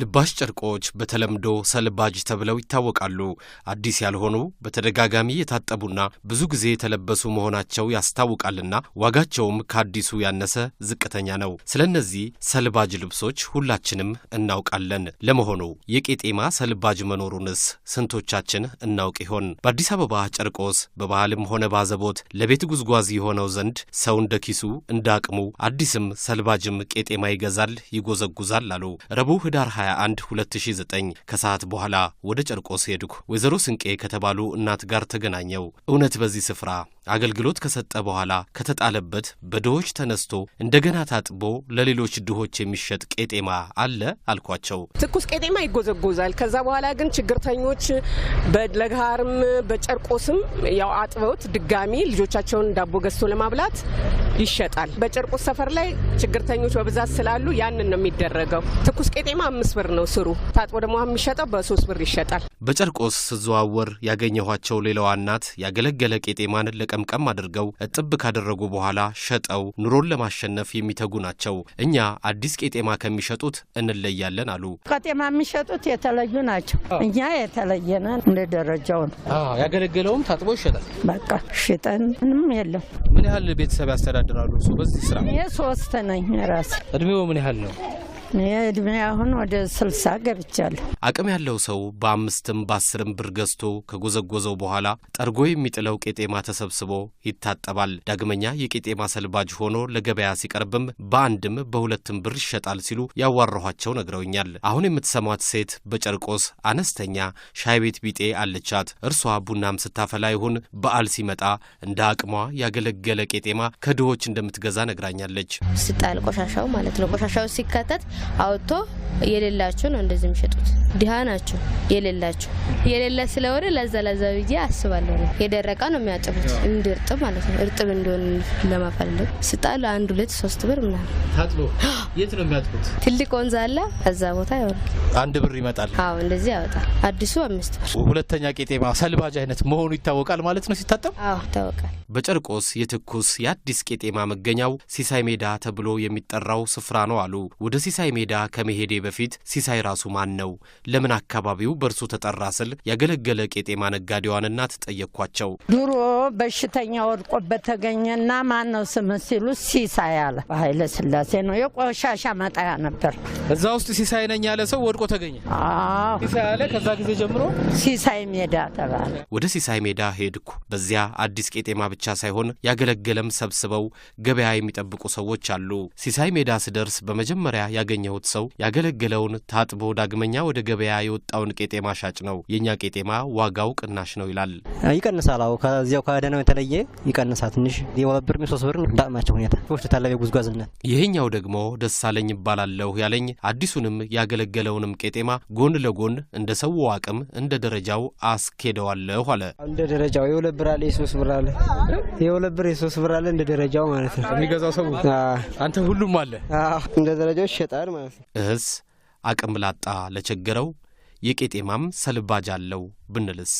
ልባሽ ጨርቆች በተለምዶ ሰልባጅ ተብለው ይታወቃሉ። አዲስ ያልሆኑ በተደጋጋሚ የታጠቡና ብዙ ጊዜ የተለበሱ መሆናቸው ያስታውቃልና ዋጋቸውም ከአዲሱ ያነሰ ዝቅተኛ ነው። ስለ እነዚህ ሰልባጅ ልብሶች ሁላችንም እናውቃለን። ለመሆኑ የቄጤማ ሰልባጅ መኖሩንስ ስንቶቻችን እናውቅ ይሆን? በአዲስ አበባ ጨርቆስ በባህልም ሆነ ባዘቦት ለቤት ጉዝጓዝ የሆነው ዘንድ ሰው እንደ ኪሱ እንደ አቅሙ አዲስም ሰልባጅም ቄጤማ ይገዛል፣ ይጎዘጉዛል አሉ ረቡዕ ህዳር 21 2009 ከሰዓት በኋላ ወደ ጨርቆስ ሄድኩ። ወይዘሮ ስንቄ ከተባሉ እናት ጋር ተገናኘው። እውነት በዚህ ስፍራ አገልግሎት ከሰጠ በኋላ ከተጣለበት በድሆች ተነስቶ እንደገና ታጥቦ ለሌሎች ድሆች የሚሸጥ ቄጤማ አለ አልኳቸው። ትኩስ ቄጤማ ይጎዘጎዛል። ከዛ በኋላ ግን ችግርተኞች በለጋርም በጨርቆስም ያው አጥበውት ድጋሚ ልጆቻቸውን ዳቦ ገዝቶ ለማብላት ይሸጣል። በጨርቆስ ሰፈር ላይ ችግርተኞች በብዛት ስላሉ ያንን ነው የሚደረገው። ትኩስ ቄጤማ አምስት ብር ነው ስሩ፣ ታጥቦ ደግሞ የሚሸጠው በሶስት ብር ይሸጣል። በጨርቆስ ስዘዋወር ያገኘኋቸው ሌላዋ እናት ያገለገለ ቄጤማን ለቀ ቀምቀም አድርገው እጥብ ካደረጉ በኋላ ሸጠው ኑሮን ለማሸነፍ የሚተጉ ናቸው። እኛ አዲስ ቄጤማ ከሚሸጡት እንለያለን አሉ። ቄጤማ የሚሸጡት የተለዩ ናቸው። እኛ የተለየነ እንደ ደረጃው ነው። ያገለገለውም ታጥቦ ይሸጣል። በቃ ሽጠን ምንም የለም። ምን ያህል ቤተሰብ ያስተዳድራሉ? እሱ በዚህ ስራ ይህ ሶስት ነኝ ራስ እድሜው ምን ያህል ነው? እድሜ አሁን ወደ ስልሳ ገብቻለሁ። አቅም ያለው ሰው በአምስትም በአስርም ብር ገዝቶ ከጎዘጎዘው በኋላ ጠርጎ የሚጥለው ቄጤማ ተሰብስቦ ይታጠባል። ዳግመኛ የቄጤማ ሰልባጅ ሆኖ ለገበያ ሲቀርብም በአንድም በሁለትም ብር ይሸጣል ሲሉ ያዋረኋቸው ነግረውኛል። አሁን የምትሰሟት ሴት በጨርቆስ አነስተኛ ሻይ ቤት ቢጤ አለቻት። እርሷ ቡናም ስታፈላ ይሁን በዓል ሲመጣ እንደ አቅሟ ያገለገለ ቄጤማ ከድሆች እንደምትገዛ ነግራኛለች። ስጣል ቆሻሻው ማለት ነው። ቆሻሻው ሲካተት አውጥቶ የሌላቸው ነው እንደዚህ የሚሸጡት። ድሃ ናቸው የሌላቸው የሌለ ስለሆነ ለዛ ለዛ ብዬ አስባለሁ። የደረቃ ነው የሚያጥቡት እንድርጥ ማለት ነው። እርጥብ እንዲሆን ለማፈለግ ስጣል አንድ ሁለት ሶስት ብር ምናምን ታጥሎ የት ነው የሚያጥቡት? ትልቅ ወንዝ አለ። ከዛ ቦታ ይሆናል አንድ ብር ይመጣል። አዎ እንደዚህ ያወጣል። አዲሱ አምስት ብር። ሁለተኛ ቄጤማ ሰልባጅ አይነት መሆኑ ይታወቃል ማለት ነው ሲታጠብ። አዎ ይታወቃል። በጨርቆስ የትኩስ የአዲስ ቄጤማ መገኛው ሲሳይ ሜዳ ተብሎ የሚጠራው ስፍራ ነው አሉ ወደ ሲሳይ ሲሳይ ሜዳ ከመሄዴ በፊት ሲሳይ ራሱ ማን ነው? ለምን አካባቢው በእርሱ ተጠራ? ስል ያገለገለ ቄጤማ ነጋዴዋን እናት ጠየኳቸው። ድሮ በሽተኛ ወድቆበት ተገኘና ማን ነው ስም ሲሉ ሲሳይ አለ። በኃይለ ስላሴ ነው የቆሻሻ መጣያ ነበር። እዛ ውስጥ ሲሳይ ነኝ ያለ ሰው ወድቆ ተገኘ። ሲሳይ አለ። ከዛ ጊዜ ጀምሮ ሲሳይ ሜዳ ተባለ። ወደ ሲሳይ ሜዳ ሄድኩ። በዚያ አዲስ ቄጤማ ብቻ ሳይሆን ያገለገለም ሰብስበው ገበያ የሚጠብቁ ሰዎች አሉ። ሲሳይ ሜዳ ስደርስ በመጀመሪያ ያገኘ ያገኘሁት ሰው ያገለገለውን ታጥቦ ዳግመኛ ወደ ገበያ የወጣውን ቄጤማ ሻጭ ነው። የእኛ ቄጤማ ዋጋው ቅናሽ ነው ይላል። ይቀንሳል። አዎ ከዚያው ከደህናው የተለየ ይቀንሳል። ትንሽ የወብር ሶስት ብር ዳቅማቸው ሁኔታ ዎች ታለበ ጉዝጓዝነት። ይህኛው ደግሞ ደሳለኝ ይባላለሁ ያለኝ አዲሱንም ያገለገለውንም ቄጤማ ጎን ለጎን እንደ ሰው አቅም እንደ ደረጃው አስኬደዋለሁ አለ። እንደ ደረጃው የሁለት ብር አለ የሶስት ብር አለ የሁለት ብር የሶስት ብር አለ እንደ ደረጃው ማለት ነው። የሚገዛው ሰው አንተ ሁሉም አለ እንደ ደረጃው ይሸጣል ማለት ነው። እህስ አቅም ላጣ ለቸገረው የቄጤማም ሰልባጅ አለው ብንልስ